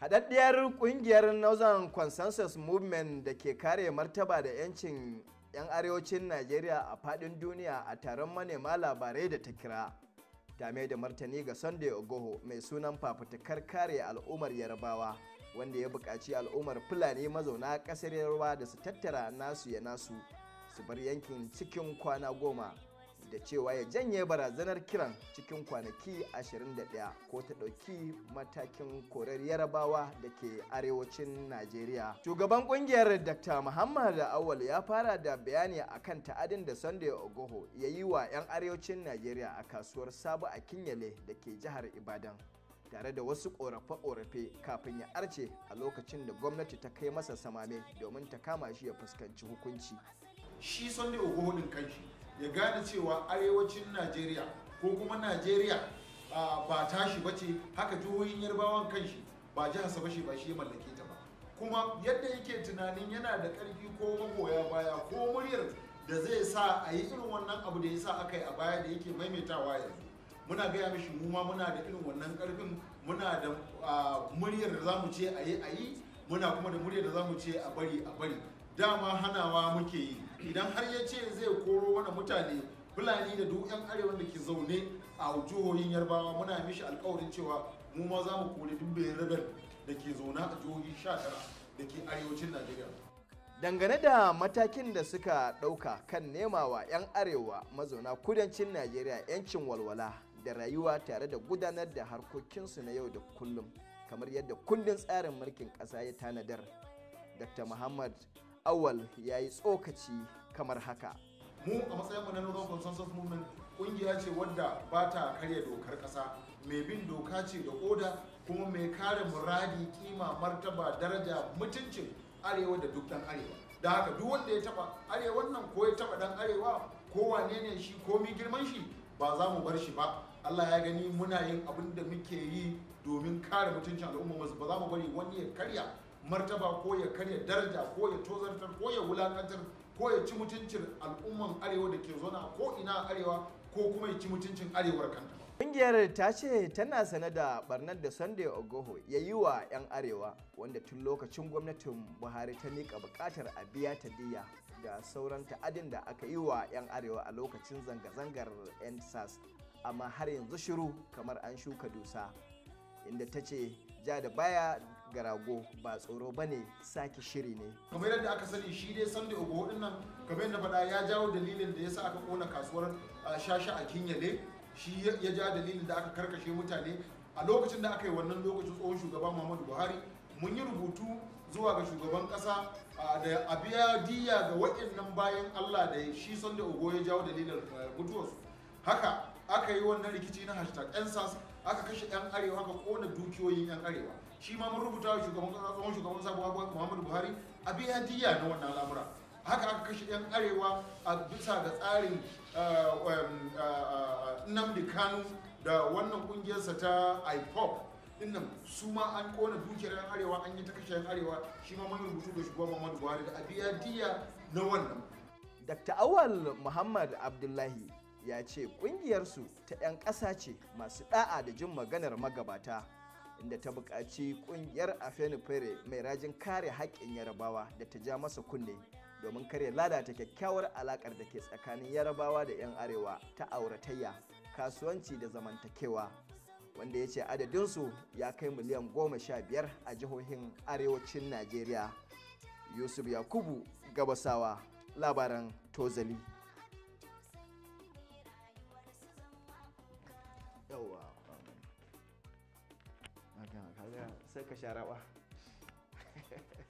haɗaɗɗiyar ƙungiyar northern consensus movement da ke kare martaba da 'yancin 'yan arewacin najeriya a faɗin duniya a taron manema labarai da ta kira tame da martani ga sunday ogoho mai sunan fafutukar kare al'ummar yarbawa wanda ya buƙaci al'ummar fulani mazauna ƙasar yarbawa da su tattara nasu ya nasu su bar yankin cikin kwana goma da cewa ya janye barazanar kiran cikin kwanaki 21 ko ta ɗauki matakin korar yarabawa da ke arewacin najeriya shugaban kungiyar dr muhammad awal ya fara da bayani a kan ta'adin da sunday ogoho ya yi wa 'yan arewacin najeriya a kasuwar sabu a kinyale da ke jihar ibadan tare da wasu ƙorafe korafe kafin ya arce a lokacin da gwamnati ta kai masa samame domin ta kama shi ya fuskanci hukunci shi sunday ogoho din kanshi ya gane cewa arewacin najeriya ko kuma najeriya ba tashi ba ce haka jihohin yarbawan kanshi ba jihar sa ba shi ya mallake ta ba kuma yadda yake tunanin yana da karfi ko magoya baya ko muryar da zai sa a yi irin wannan abu da ya sa aka yi a baya da yake maimaitawa yanzu muna gaya mishi mu ma muna da irin wannan karfin muna da muryar da za mu ce a yi a yi muna kuma da muryar da za mu ce a bari a bari dama hanawa muke yi idan har ya ce zai koro wani mutane fulani da duk yan arewa da ke zaune a jihohin yarbawa muna mishi alkawarin cewa mu ma za mu kori duk rabar da ke zaune a jihohi sha da ke arewacin najeriya dangane da matakin da suka ɗauka kan nemawa 'yan arewa mazauna kudancin najeriya 'yancin walwala da rayuwa tare da gudanar da harkokinsu na yau da kullum kamar yadda kundin tsarin mulkin ƙasa ya tanadar dr muhammad awal ya yi tsokaci kamar haka mu a mu na northern consensus movement kungiya ce wadda ba ta karya dokar ƙasa mai bin doka ce da oda kuma mai kare muradi kima martaba daraja mutuncin arewa da duk dan arewa da haka duk wanda ya taba arewa nan ko ya taba dan arewa ko wane ne shi ko komi girman shi ba za mu bar shi ba Allah ya gani muna yin abin da muke yi domin kare mutuncin al'umma ba za mu bari wani ya karya martaba ko ya karya daraja ko ya tozartar ko ya wulakantar ko ya ci mutuncin al'umman arewa da ke zona ko ina arewa ko kuma ya ci mutuncin arewar kanta Ƙungiyar ta ce tana sane da barnar da Sunday Ogoho ya yi wa 'yan Arewa wanda tun lokacin gwamnatin Buhari ta miƙa buƙatar a biya ta diya da sauran ta'adin da aka yi wa 'yan Arewa a lokacin zanga-zangar NSAS amma har yanzu shiru kamar an shuka dusa inda ta ce ja da baya ga rago ba tsoro ba ne sake shiri ne. kamar yadda aka sani shi dai sanda ogo nan kamar yadda faɗa ya jawo dalilin da ya sa aka kona kasuwar shasha a ne shi ya ja dalilin da aka karkashe mutane a lokacin da aka yi wannan lokacin tsohon shugaban muhammadu buhari mun yi rubutu zuwa ga shugaban kasa da a biya diya ga waɗannan bayan allah da shi sanda ogo ya jawo dalilin eh, mutuwarsu haka aka yi wannan rikici na hashtag sas aka kashe yan arewa aka kona dukiyoyin yan arewa shi ma mun rubuta wa shugaban kasa tsohon shugaban kasa muhammadu buhari a biya diya na wannan al'amura haka aka kashe yan arewa a bisa ga tsarin eh, eh, nnamdi kanu da wannan kungiyarsa ta ipop dinnan su ma an kona dukiyar yan arewa an yi ta kashe yan arewa shi ma mun rubutu da shugaban muhammadu buhari da a biya diya na wannan dr awal muhammad abdullahi ya ce ƙungiyarsu ta 'yan ƙasa ce masu ɗa'a da jin maganar magabata inda ta buƙaci ƙungiyar afenifere mai rajin kare haƙƙin yarabawa da ta ja masa kunne domin kare ladata kyakkyawar alaƙar da ke tsakanin yarabawa da 'yan arewa ta auratayya kasuwanci da zamantakewa wanda ya ce adadinsu ya kai miliyan goma sha biyar a jihohin arewacin najeriya yusuf yakubu gabasawa labaran tozali sai ka sha raɓa